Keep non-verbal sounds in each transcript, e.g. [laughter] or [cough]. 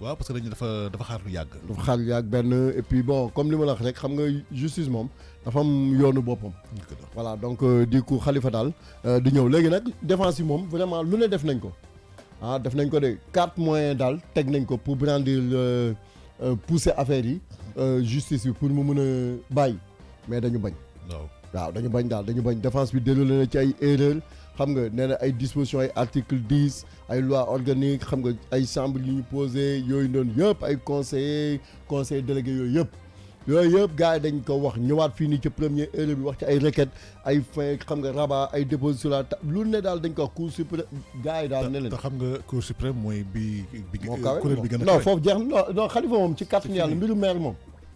waaw parce que dañu dafa dafa xaar lu yàgg. dafa xaar lu yàgg benn et puis bon comme li ma la wax rek xam nga justice moom dafa am yoonu boppam. voilà donc euh, di ku xalifa daal euh, di ñëw léegi nag défense yi moom vraiment lu ne def nañ ko ah def nañ ko de carte moyen daal teg nañ ko pour brandir euh, pousser affaire yi justice bi pour mu mën a bàyyi mais dañu bañ. waaw dañu bañ daal dañu bañ défense bi déroulé na ci ay erreurs xam nga nee na ay dispositions ay article 10 ay loi organique xam nga ay chambres yu ñu posé yooyu noonu yëpp ay conseillers conseil délégué yooyu yëpp yooyu yëpp gars yi dañ ko wax ñëwaat fii nii ci premier heure bi wax ci ay requêtes ay fin xam nga rabat ay dépôt sur la lu ne daal dañ ko wax cour suprême gars yi daal ne leen te xam nga cour suprême mooy bi bi kuréel bi gën non foofu jeex na non xalifa moom ci kàttanu yàlla mbiru maire moom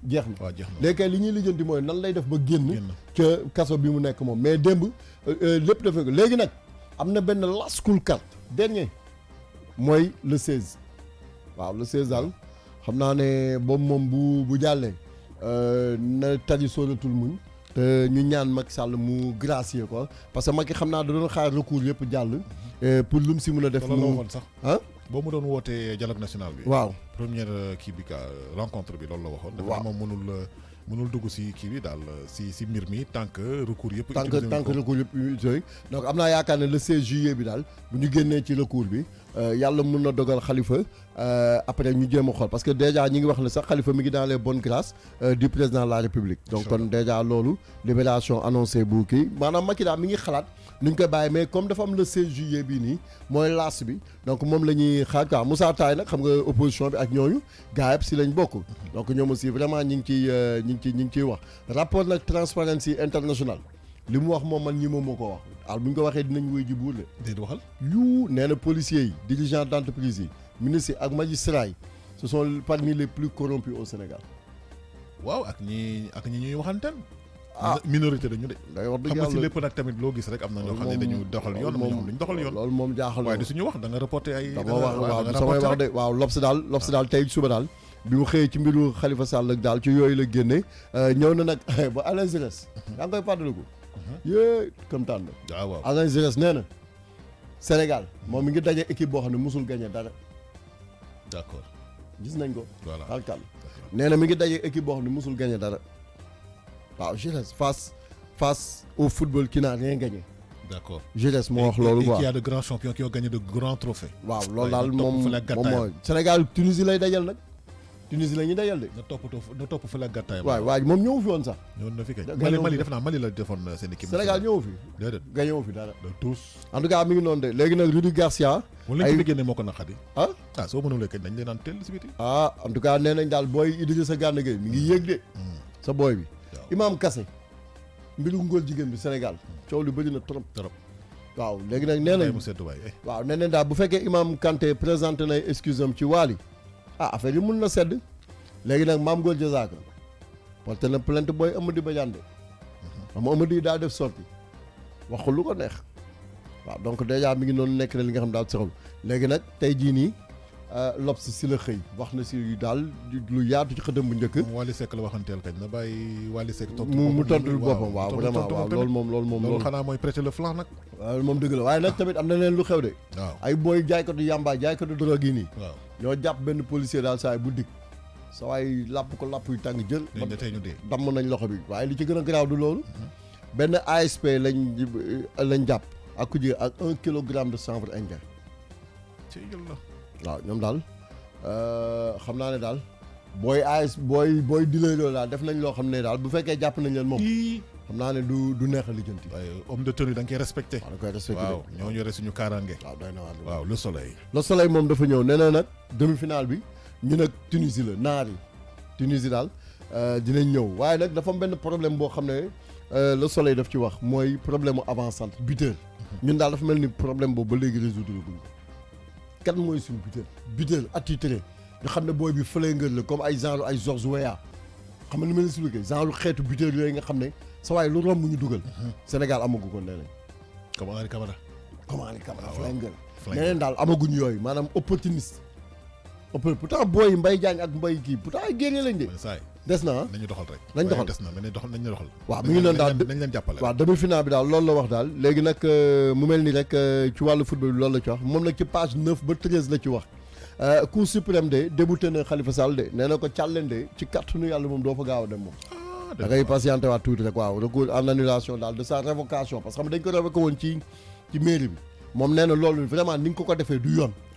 jeex na na kay li ñuy lijjanti mooy nan lay def ba génn ca kaso bi mu nekk moom mais démb euh, euh, lépp dafa ko léegi nag am na benn last cool card dernier mooy le 16 waaw le 16 al xam naa ne boobu moom bu bu jàllee euh, na tari sóoratul muñ te ñu ñaan mag Sall mu gracier ko parce que Macky xam naa da doon xaar recours yëpp jàll mhm. pour lu si mun a def mu ah boo mu doon wootee dialogue national bi. waaw première euh, kii bi ka euh, rencontre bi loolu la waxoon. waaw dafa moom mënul euh, mënul dugg si kii bi daal si si mbir mi tant que recours yëpp. utilisé tant que recours yëpp utilisé donc am naa yaakaar ne le 16 juillet bi daal bu ñu génnee ci recours bi. Euh, yalla mun na dogal euh après ñu jëm xol parce que déjà ñi ngi wax ne sax khalifa mi ngi dans les bonnes grâces euh, du président de la république. donc kon déjà lolu libération annoncé bu kii maanaam Macky mi ngi xalat ñu koy bàyyi mais comme dafa am le 16 juillet bi nii mooy laas bi donc moom la ñuy xaar quoi Moussa Taye nag xam nga opposition bi ak ñooñu gaa si lañ bokk. donc ñoom aussi vraiment ñi ngi ciy euh, ñi ngi ciy ngi ciy wax rapport nag Transparency International li mu wax moom man ñi moom moo ko wax al bu ñu ko waxee dinañ woy ji buur de. déedéet waxal yu nee na policiers yi dirigeant d' entreprise yi ministres ak magistrats yi ce sont parmi les plus corrompus au Sénégal. waaw ak ñi ak ñi ñuy waxanteen. ah minorité dañu de. day wax dëgg yàlla xam nga si lépp nag tamit loo gis rek am na ñoo xam ne dañu doxal yoon moom dañu doxal yoon. loolu moom jaaxal waaye du suñu wax da nga reporté ay. dama wax waaw samay wax de waaw lobs daal lobs daal tey suba daal. bi mu xëyee ci mbiru Khalifa Sall ak daal ci yooyu la génne euh, ñëw na nag [laughs] ba à l' mhm. yaa ngi koy fàttaliku comme tant na. Ah, waaw waaw Alain Giresse Sénégal, na Sénégal moom mi ngi équipe boo xam ne musul gagné dara. D'accord. Dis gis nañ ko. voilà Alcal. nee na mi équipe boo xam ne musul gagné dara waaw Giresse face face au football qui n'a rien gagné. D'accord. Je laisse moi. wax quoi et qui a de grands champions qui ont gagné de grands trophées. waaw loolu daal Sénégal Tunisie lay dajal nag. Tunisie la ñuy dajal de. na toppatoo na topp fa la gàttaay. waaw waaw moom ñëw fi woon sax. ñëwoon na fi kay Mali Mali def naa Mali la defoon euh, seen équipe. Sénégal ñëw fi. déedéet nga ñëw fi dara. tous. en tout cas mi ngi noonu de léegi nag Rudy Garcia. ah ah soo mënulee ah, daal booy Idrissa Gana Gueye mi ngi yéeg de. Hmm. sa booy bi. waaw Imaam mbiru ngóor jigéen bi Sénégal coow lu bëri na trop trop. waaw léegi nag nee nañ eh. waaw nee nañ daal bu fekkee Imaam Kanté présenté nay excuse am ci Wali ah affaire yi mun na sedd léegi nag maam Góor Diazaka porté na plainte booy Amady Badiane xam Amady daal def sorti waxul lu ko neex waaw donc dèjà mi ngi noonu nekk na li nga xam daal si léegi nag tey jii nii. Euh, L'Obs si la xëy wax na si daal lu yaatu ci xëtam bu njëkk. moom Wally Seck la waxanteel kañ na bàyyi Wally Seck. tontu mu mu tontu boppam waaw vraiment waaw loolu moom loolu moom. xanaa mooy prêter le flanc nag. moom dëgg la waaye nag tamit am na leen lu xew de. ay booy jaaykatu yàmbaa jaaykatu drogue yi nii. waaw ñoo jàpp benn policier daal saa bu dikk. sa waay làpp ko làpp yu tàng jël. dañ de tey ñu nañ loxo bi waaye li ci gën a garaaw du loolu. Mhm. benn ASP lañ lañ jàpp ak ku ak un kilogramme de chanvre indien waaw ñoom daal euh, xam naa ne daal booy AS booy booy dilee loolu daal def nañ loo xam ne daal bu fekkee jàpp nañ leen moom. xam naa ne du du neex a lijjanti. homme de tenue da nga koy respecté. waaw da koy respecté waaw ñoo yore suñu kaaraange. waaw doy na waaw le soleil. le soleil moom dafa ñëw nee na nag demi finale bi ñu nag Tunisie la naar yi Tunisie daal euh, dinañ ñëw waaye nag dafa benn problème boo xam ne euh, le soleil def ci wax mooy problème mu avant-centre buteur mhm. ñun daal dafa mel ni problème boobu léegi résoudre guñ kan moy suñu buteur buteur attitré ñu xamné boy bi bi ngeul le comme ay genre ay George Weah xam nga ni ma leen expliqué genre xeetu buteur yooyu nga xamné sa way lu rombu ñu duggal mhm. Sénégal amagu ko leneen. comme ali Camara. comme ali Camara ah, flingueur. flingueur dal daal amaguñ yoy manam opportuniste. Oh, pourtant booy Mbaye Diagne ak Mbaye kii pourtant ay génne lañ de. des na ah nañu doxal rek. nañ doxal na nañ doxal nañ doxal. waaw mi ngi noonu daal nañ leen jàppale. waaw demi final bi daal loolu la wax daal léegi nag euh, mu mel ni rek euh, ci wàllu football bi loolu la ci wax moom nag ci page neuf ba treize la ci wax. Euh, Cour suprême de débouté na Khalifa Sall de nee na ko càlleen de ci kàttanu yàlla moom doo fa gaaw a dem moom. Ah, da ngay patienté waat tuuti rek waaw recours en annulation daal de sa révocation parce que xam dañ ko révoqué woon loolu vraiment ni nga ko ko defee du yoon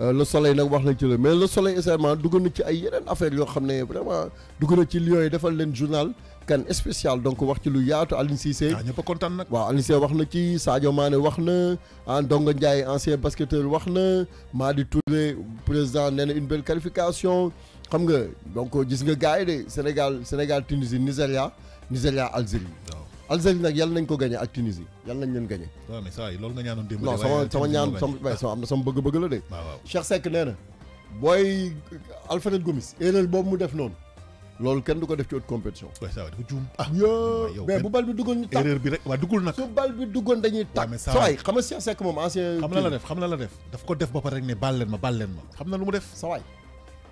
Euh, le soleil nak wax nañ ci la mais le soleil essainement dugg na ci ay yenen affaire yo xamné vraiment dugg ci lions yi defal len journal kan spécial donc wax ci lu yaatu Aliou Cissé. Ah, waaw ñëpp content nak waaw Aliou Cissé wax na ci Sadio Mané wax na en ah, Ndongo ndjay ancien basketteur wax na Madi Touré président nee une belle qualification xam nga donc gis nga gaay dé Sénégal Sénégal Tunisie nigeria nigeria Algérie. Algérie nag yàlla nañ ko gagné ak Tunisie yàlla nañ leen gagné. waaw mais saa yi loolu nga ñaanoon démb. non sama sama ñaan sama am na sama bëgg-bëgg mu def noonu. loolu kenn du ko def ci haute compétition. waaw saa waay dafa juum. Ah, ah, bu bal bi duggoon ñu tax erreur bi rek waaw duggul nag. bal bi dañuy tax. waaw mais saa waay moom ancien. xam na la def xam na la def. daf ko def ba pare rek ne baal leen ma baal leen ma. xam na lu mu def saa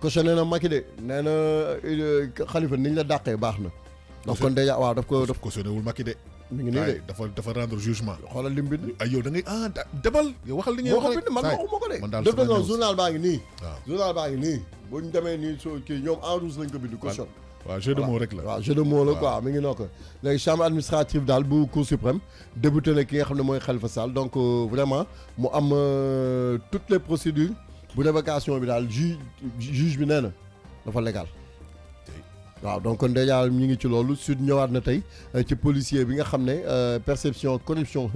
Coche nee na Macky de nee na Khalifa ni ñu la dàqee baax na. ndax kon dèjà waaw daf ko daf ko sonewul Macky de. mi ngi nii de dafa dafa rendre jugement. xoolal lim bind. ay yow da ngay ah demal. yow waxal li ngay wax rek man waxuma ko de. man daal de toute façon journal baa ngi nii. waaw journal baa ngi nii. bu ñu demee nii soo kii ñoom en rouge lañ ko bind. caution waaw jeu de mots rek la. waaw jeu de mots la quoi mi ngi noo ko. léegi chambre administrative daal bu cour suprême débuté na ki nga xam ne mooy Khalifa Sall donc vraiment mu am toutes les procédures. bu révocation bi daal juge juge bi nee na dafa légal waaw donc kon dèjà ñu ngi ci loolu sud ñëwaat na tey euh, ci policier bi nga xam ne euh, perception corruption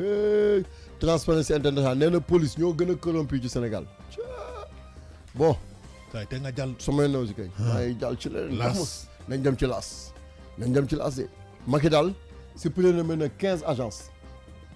transparence internationale nee na police ñoo gën a corrompu ci Sénégal bon. waaye te nga jàll. sama naw si kay. Ah. maa ngi jàll ci leneen. laas nañ dem ci laas. nañ dem ci laas de. Macky daal supprimé na 15 agences.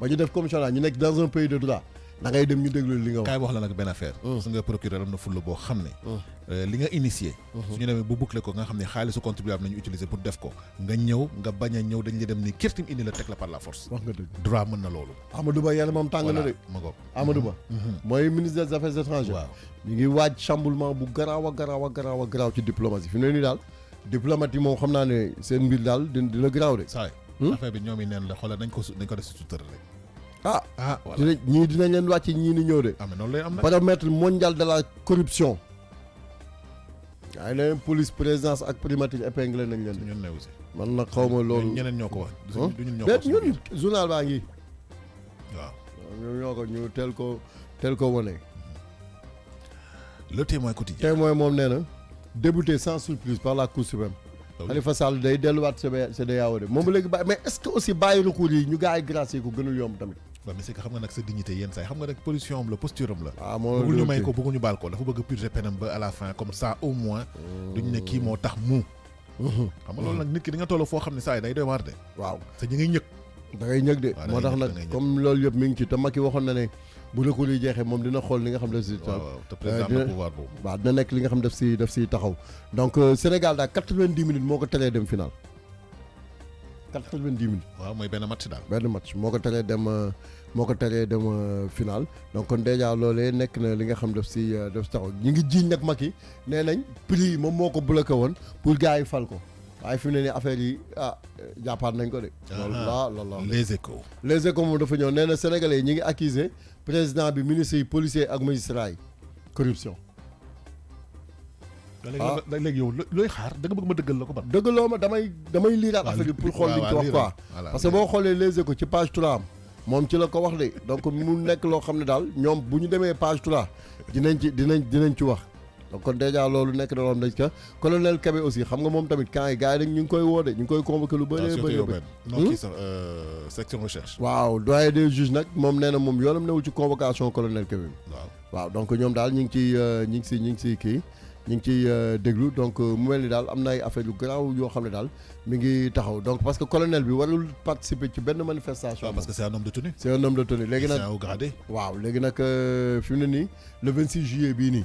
ba ñu def comme ça ñu nekk dans un pays de droit da ngay dem ñu déglu li nga wax. kaay wax la nag benn affaire. su nga procureur am na fulla boo xam ne. Euh, li nga initié. su ñu demee bu boucler ko nga xam ne xaalisu contribuable nañu utiliser pour def ko. nga ñëw nga bañ a ñëw dañ la dem ni kirtim indi la teg la par la force. droit mën na loolu. Amadou Ba yàlla tàng na de. ma ngoog Amadou mooy ministre des affaires étrangères. waaw ñu ngi waaj chamboulement a garaaw a garaaw a garaaw daal diplomatie moom xam naa ne seen mbir daal dina dina garaaw de. Hmm? affaire bi la ah de. mondial de la corruption. police présidence ak le témoin quotidien témoin sans surprise par la Cour Khalifa Sall day delluwaat CEDEAO de moom léegi bàyyi mais est-ce que aussi bàyyi recours yi ñu gaa ay gracier ko gënul yomb tamit waaw mais xam nga nag sa dignité yenn saa yi xam nga nag position am la posture am la ah, ñu may ko bëggul baal ko dafa bëgg purger penam ba à la fin comme ça au moins oh. duñ ne kii moo tax mu xam nga loolu nag nit ki di nga toll foo xam ne saa yi day doy waar de waaw te ñi ngay ñëg da de moo tax nag comme bu recours yi jeexee moom dina xool li nga xam def si te def si daf si taxaw donc euh, Sénégal daal quatre-vingt-dix minutes moo ko teree dem final quatre-vingt-dix minutes waaw mooy benn match daal benn match moo ko teree dem euh, moo ko teree dem euh, final donc kon dèjà loolee nekk na li nga xam def si def si taxaw ñu ngi jiiñ nag Macky nee nañ prix moom moo ko bloqué woon pour gars yi fal ko waaye fi mu ne nii affaire yi ah jàppaat nañ ko de ah, loolu la loolu la les moom dafa ñëw nee na sénégalais yi ñu ngi accusé président bi ministre yi policiers ak magistrats yi corruption. ah léegi yow looy xaar da nga bëgg ma dëggal la ko ban. dëggaloo ma damay damay liiraat affaire bi pour xool li ñu ci wax quoi. parce que boo xoolee les ko ci page 3 am moom ci la ko wax de donc mu nekk loo xam ne daal ñoom bu ñu demee page 3 dinañ ci dinañ dinañ ci wax. donc kon dèjà loolu nekk na loolu dañ ko colonel Kébé aussi xam nga moom tamit quand yi gars yi dañ ñu ngi koy woo de ñu ngi koy convoqué lu bëree ah, bëri non hmm? kii euh, section recherche waaw doyen des juges nag moom nee na moom yoonam newul ci convocation colonel Kébé bi waaw donc ñoom daal ñu ngi ciy euh, ñu ngi si ñu ngi si kii ñu ngi ciy euh, déglu donc mu mel ni daal am na ay affaire yu garaaw yoo xam ne daal mi ngi taxaw donc parce que colonel bi warul participer ci benn manifestation. waaw ah, parce que c'est un homme de tenue. c'est un homme de tenue léegi nag c'est waaw léegi nag fi mu ne nii le 26 juillet bii nii.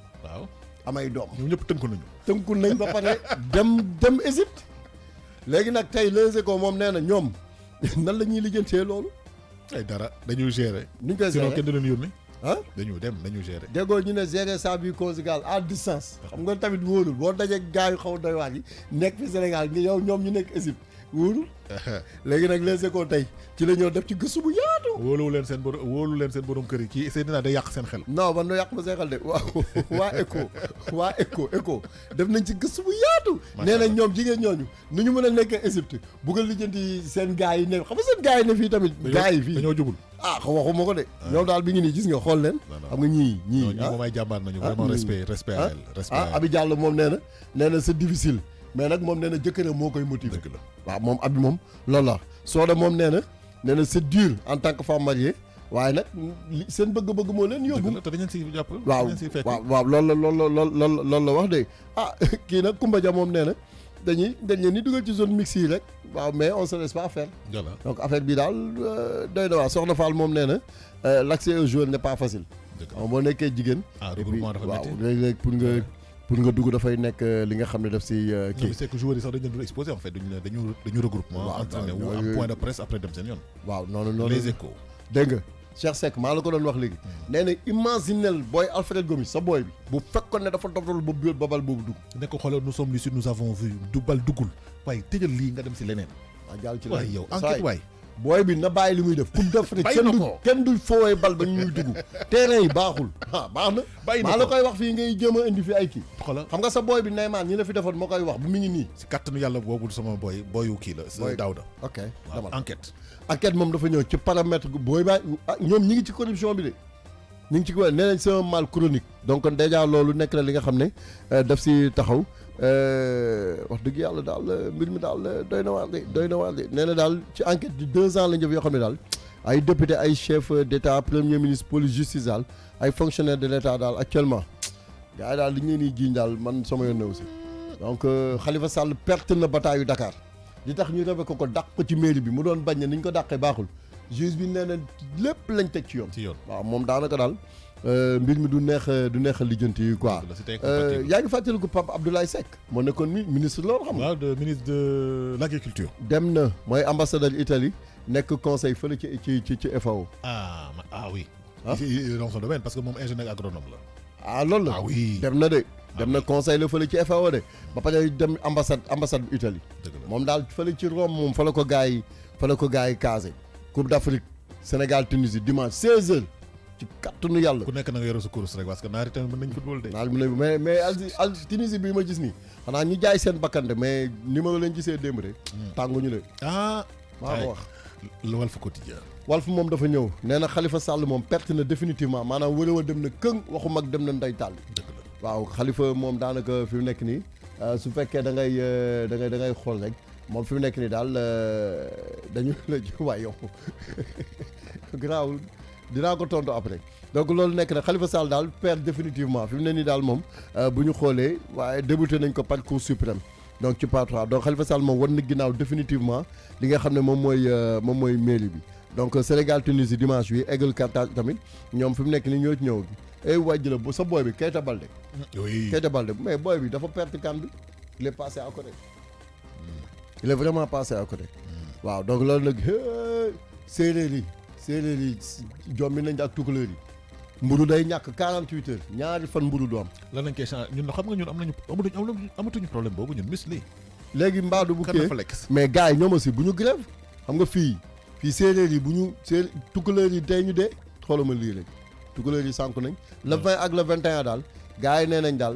waaw amay doom ñoom ñëpp tënku nañu tënku nañ ba pare dem dem Égypte léegi nag tey Les Échos moom nee na ñoom [laughs] nan la ñuy lijjantee loolu ay dara dañuy gérer nuñ koy gérer sinon kenn du leen yónni ah dañu dem dañu gérer déggoo ñu ne gérer sa vie conjugale à distance xam nga tamit wóolul boo dajee gaayu xaw doy waar yi nekk fi Sénégal ngi yow ñoom ñu nekk Égypte wóoru léegi nag les écoles tey ci la ñoo def ci gëstu bu yaatu. wóoluwu leen seen borom wóolu leen seen borom kër yi kii Seydina day yàq seen xel. non man noo yàq ma seen xel de waaw waa ECHO waa ECHO ECHO def nañ ci gëstu bu yaatu. nee ñoom jigéen ñooñu nu ñu mën a nekkee Égypte buggal lijjanti seen gars yi ne xam nga seen gaa yi ne fii tamit. gars yi fii dañoo jubul. ah waxuma ko de. Ah. ñoom daal bi ngi nii gis nga xool leen. xam nga ñii ñii ah ñii moom ay jàmbaar nañu. Ah, vraiment respect respect ah, à elle. Abi Diallo moom nee na nee na c'est difficile mais nak mom néna na mo koy motiver. dëgg la waaw moom abi moom loolu la Soda mom néna néna c'est dur en tant que femme mariée waaye nak seen bëgg-bëgg mo leen yóbbu. dëgg la te dañu si jàpp waaw waaw waaw lool la lool la lool la wax de ah [laughs] ki nak Kumba ja mom néna na dañuy dañ leen di dugal ci zone mixte yi rek waaw mais on se laisse pas faire. donc affaire bi daal euh, doy na waa Soxna Fall moom nee na euh, l'accès aux jeunes n'est pas facile. dëgg boo nekkee jigéen. ah regroupement dafa métti waaw léeg-léeg pour nga pour nga dugg dafay nek euh, li nga xamné ne ci si euh, c'est que joueurs yi sax dañu leen doon en fait dañu dañu dañu regroupement. entraîné wu am point de presse après dem seen yoon. waaw non noonu les échos. dégg nga Cheikh Seck maa la ko doon wax léegi. Hmm. néna na imaginel booy Alfred Gomis sa boy bi. bu fekkone ne dafa doftal bu biir babal boobu dugg. nekk xoolal nous sommes ici nous avons vu du bal dugul way tëjal li nga dem ah, ci leneen. waaw jall ci leneen yow enquête way booy bi na bàyyi li muy def coupe d'Afrique kenn du kenn du foowee bal ba ñuy dugg terrain yi baaxul ah baax na maa la koy wax fii ngay jéem a indi fi ay kii xam nga sa booy bi Neymar ñi la fi defoon moo koy wax bu mi ngi nii si kattanu yàlla boobu sama booy booyu kii la Daouda ok demal enquête enquête moom dafa ñëw ci paramètre booy baa ah, ñoom ñi ngi ci corruption bi de ñu ngi ci ko nee nañ c'est un donc déjà loolu nekk na li nga xam ne euh, daf si taxaw Euh, wax dëgg yàlla daal euh, mbir mi daal euh, doy na waar de doy na waar de nee na daal ci enquête de deux ans la ñu def yoo xam ne daal ay député ay chef d'état premier ministre police justice daal ay fonctionnaire de l'état daal actuellement gars yi daal li ñu leen di jiiñ daal man sama yoon aussi donc Khalifa Sall perte na yu Dakar li tax ñu rebe ko ko dàq ci mairie bi mu doon bañ ne ni ñu ko dàqee baaxul juge bi nee na lépp lañ teg ci yoon. ci yoon waaw moom daanaka daal. Euh, mbir mi du neex euh, du neex a lijjanti yi quoi. Euh, yaa ngi ko Pape Abdoulaye Seck. moo nekkoon mi ministre loolu xam nga. waaw de ministre de l' agriculture. dem na mooy ambassadeur Italie nekk conseil fële ci ci ci ci FAO. ah ah oui. ah dans son domaine parce que moom ingénieur agronome la. ah loolu la ah oui dem na de. Ah dem na conseil la fële ci FAO de. ba pare dem ambassade ambassade bu Italie. moom daal fële ci Rome moom fa la ko gars yi fa la ko gars yi casé. Coupe d' Afrique Sénégal Tunisie dimanche 16h. ci kàttanu yàlla. ku nekk na nga yore sa course rek parce que naari tamit mën nañu football de. naari mën nañu mais mais bi ma gis nii xanaa ñu jaay seen bakkante mais ni ma leen gisee démb rek. Hmm. tànguñu leen. ah. maa ko wax lu Walf Quotidien. Walf moom dafa ñëw nee na Khalifa Sall moom perte na définitivement maanaam wërëw a na waxu mag dem na nday waaw Khalifa moom daanaka fi mu nekk nii euh, su fekkee da ngay euh, da da ngay xool rek. moom fi mu nekk nii daal euh, dañu [laughs] la waay yow [laughs] garaawul dinaa ko tontu après donc loolu nekk na Khalifa Sall daal perd définitivement fi mu ne nii daal moom euh, bu ñu xoolee waaye débuté nañ ko par Cour suprême donc ci part 3 donc Khalifa Sall moom war na ginnaaw définitivement li nga xam ne moom mooy euh, moom mooy mairie bi donc euh, Sénégal Tunisie dimanche bi Aigle Carthage tamit ñoom fi mu nekk ni ñoo ci ñëw ay eh, wàjj la sa boy bi Keita Balde. oui Keita Balde mais boy bi dafa perte kan bi il est passé à côté. il est vraiment passé à côté. Hmm. waaw donc loolu nag séeréer yi. séeréer yi jombi nañ ak tukulóor yi mburu day ñàkk 48 heures ñaari fan mburu du am. lan lañ koy changé ñun xam nga ñun am nañu amatuñu amatuñu problème boobu ñun mis lii. léegi mbaadu bu kee mais gars yi ñoom aussi bu ñu grève xam nga fii fii séeréer yi bu ñu séer tukulóor yi tey ñu dee xoolal ma lii rek tukulóor yi sànq nañ. le 20 ak le 21 daal gars yi nee nañ daal.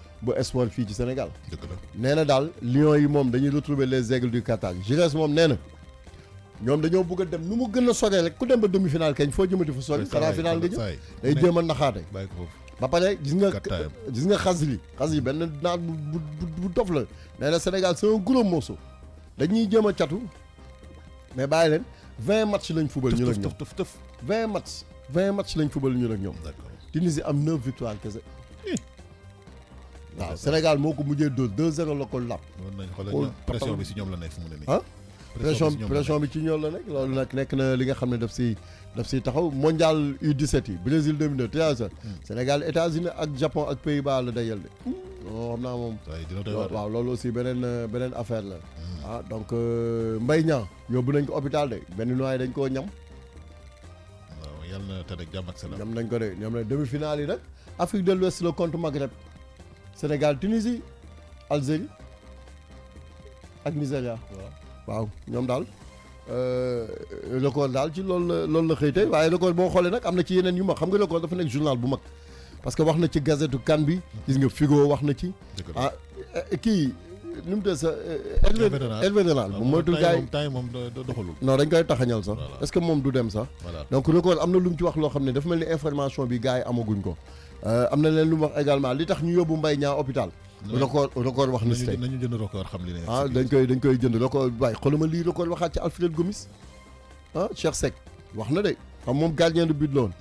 ba espoir fii ci Sénégal. nee na daal Lions yi moom dañuy retrouver les aigles du Qatar Giresse moom nee na ñoom dañoo bëgg a dem nu mu gën a soree rek ku dem ba demi final kañ foo jëmati fa sori. xanaa final nga jëm day jéem a naxaate. ba pare gis nga gis nga xas li xas yi benn naat bu bu dof la nee na Sénégal c'est un gros morceau dañuy jéem a catu mais bàyyi leen vingt matchs lañ fubal ñu ak ñoom tëf tëf tëf vingt match vingt match lañ fubal ñu ak ñoom. Tunisie am neuf victoire kese. waaw Sénégal moo ko mujjee dóor 2-0 la ko lap. mën nañu xoolal pression bi si ñoom la nekk fu mu ne nii. ah pression ci ñoom la nekk loolu nag nekk na li nga xam ne daf si daf si taxaw mondial U17 yi Brésil 2002 hmm. Sénégal États-Unis ak Japon ak Pays-Bas la dayal de. Hmm. loolu xam naa moom. waaw loolu aussi beneen euh, beneen affaire la. Hmm. ah donc euh, Mbaye Niang yóbbu nañ ko hôpital de benn noyyi dañ koo ñam. waaw yàlla na tëdd jàmm ak salaam. ñam nañ ko de ñam nañ demi-finale yi nag Afrique de l'Ouest la contre Maghreb. Sénégal, Tunisie, Algérie ak Nigéria. waaw ñoom daal record daal ci loolu la loolu la xëy tey waaye record boo xoolee nag am na ci yeneen yu mag xam nga record dafa nekk journal bu mag parce que wax na ci gazette kan bi gis nga Figo wax na ci. ah kii nu mu tee sa. Hervé Renard moom mooy. gaa yi temps yi moom doxalul. non dañ koy taxañal sax. est-ce que moom du dem sax. donc record am na lu mu ci wax loo xam ne dafa mel ni information bi gars yi amaguñ ko. Euh, am na leen lu mu wax également li tax ñu yóbbu Mbaye Niang hôpital. record record wax na si tey nañu jënd record xam li ne ah dañ koy dañ koy jënd record waaye xooluma lii record waxaat ci Alfred Gomis ah Cheikh Seck wax na de xam moom gardien de but la woon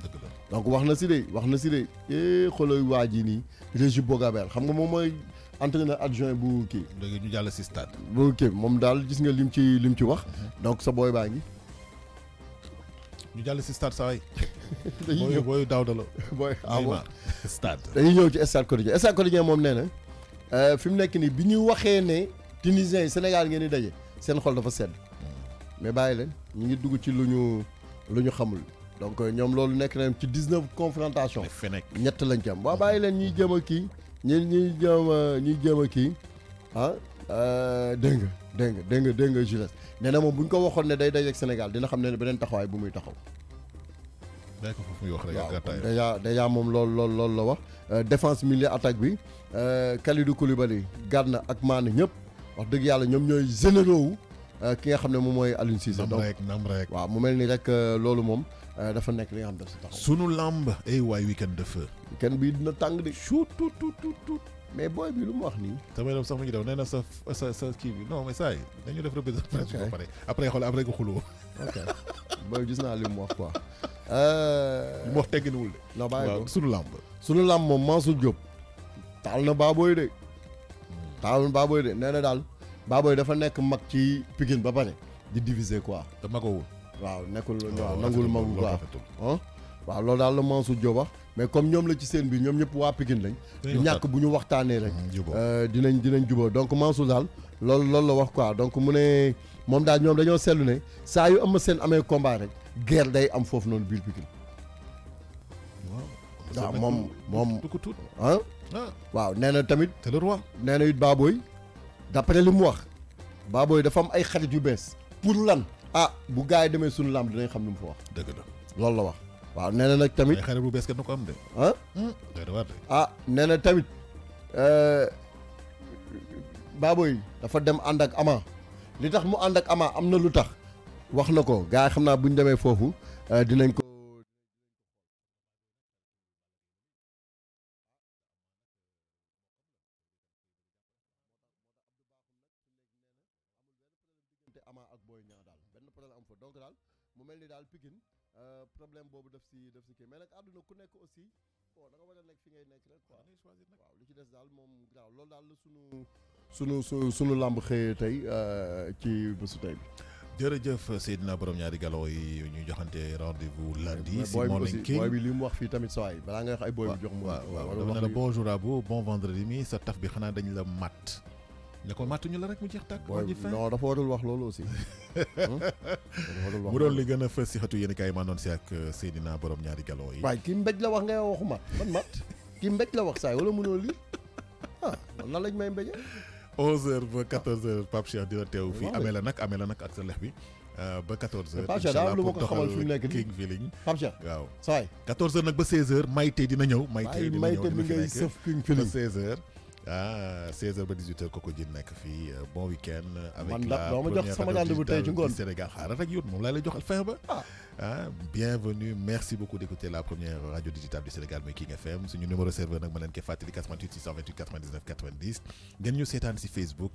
donc wax na si de wax na si de eh, xoolal waa ji nii Régis Bogabert xam nga moom mooy entraîneur adjoint bu kii. léegi ñu jàll si stade. bu kii moom daal gis nga lim ci lim ci wax. Mhm. donc sa booy baa ngi. ñu jàll si stade saa yi [laughs] dañuy ñëw booy Daouda la [laughs] booy Ama stade dañuy ñëw ci stade quotidien stade quotidien moom nee na euh, fi mu nekk nii bi ñu waxee ne tunisiens yi Sénégal ngeen di daje seen xol dafa sedd hmm. mais bàyyi leen ñu ngi dugg ci lu ñu lu ñu xamul donc euh, ñoom loolu nekk nañ ci 19 confrontation ñett lañ ci am hmm. bàyyi leen ñuy jëm a kii ñu ñuy jëm a a kii ah euh, dégg nga dégg nga dégg nga dégg Jules nee na moom bu ñu ko waxoon ne day dajeeg Sénégal dina xam ne beneen taxawaay bu muy taxaw day ko foofu wax rek waaw dèjà dèjà moom lool lool loolu la wax euh, défense milieu attaque bi euh, Kalidou Koulibaly Gana ak Mané ñëpp wax dëgg yàlla ñoom ñooy généraux wu euh, ki nga xam ne moom mooy Aliou Cissé donc waaw mu mel ni rek loolu moom dafa nekk nga xam ne taxaw sunu làmb ay waay de kenn bii dina tàng de chut tout tout tout mais booy lu mu wax nii. sama doom sax mu ngi daw nee na sa def revue de presse ba pare après xool après nga xuloo. booy gis naa li mu wax quoi. [laughs] Euh, li mu wax tegginuwul de. non bàyyi ko sunu làmb. sunu làmb moom Mansour Diop. taal na baabooy de. taal na Baboy de nee na daal Baboy dafa nekk mag ci Pikine ba pare. di diviser quoi. te magawul. waaw nekkul waaw nangul magul quoi. waaw loolu daal la Mansour Diop mais comme ñom la ci seen bi ñom ñep wa lañ. nous bu ñu mm, euh, dinañ dinañ donc mansou dal lool lool la wax quoi donc mu né mom daal ñom dañoo seetlu ne yu am combat rek guerre day am fofu non waaw mom mom hein ah. waaw néna tamit. C'est le roi néna Baboy d'après li mu wax Baboy dafa am ay yu pour lan ah bu gars yi suñu dinañ xam lu mu wax. la la wax. waaw nee na nag tamit waaye xale bu bees kenn du ko am de. ah. na waar de. ah euh, dafa dem ànd ak Ama li tax mu ànd ak Ama am na lu tax wax na ko gars xam naa bu ñu demee foofu euh, dinañ ko. Ama ak Boy Niang daal benn problème am fa donc daal mu mel ni daal Pikine Euh, problème boobu def si def si kii mais nag àdduna ku nekk aussi bon da nga war a fi ngay nekk rek quoi ah, waaw li ci des daal moom graaw loolu daal la sunu sunu su sunu làmb xëyee tey euh, ci bésu tey bi jërëjëf Seydina borom ñaari galon yi ñu joxante rendez-vous lundi. si morning king booy bi li mu wax fii tamit saa yi balaa ngay wax ay booy bi jox mu. waaw waaw dama ne la bonjour à vous bon vendredi mi sa taf bi xanaa dañu la mat. ne ko ñu la rek mu jeex tàkk. waa non dafa warul wax loolu aussi. [laughs] Hmm? mu doon gën a fës si xëtu yéen kaay maa noon si ak euh, Seydina borom ñaari galon yi. waaye ki mbéj la wax nga waxu ma man mat ki mbéj la wax saay wala mënoo lii ah lan lañ may mbéje. ba 14h dina teew fii amee la nag amee la nag ak sa lex bi euh, ba 14h. ma allah pour doxal King Feeling Pape Cheikh waaw saa waay 14h ba 16h Mayte dina ñëw. Mayte dina ñëw dina fi nekk sëf King Feeling ba ah 16h ba 18h Coco Jean nekk fii euh, bon week-end. avec la première radio digitale du Sénégal xara ah, rek yow mom laa lay joxal fin ba. Ah. ah bienvenue merci beaucoup d'écouter la première radio digitale du Sénégal muy King FM suñu numéro serveur nak ma len koy fàttali 88 628 99 90 ngeen ñu seetaan ci Facebook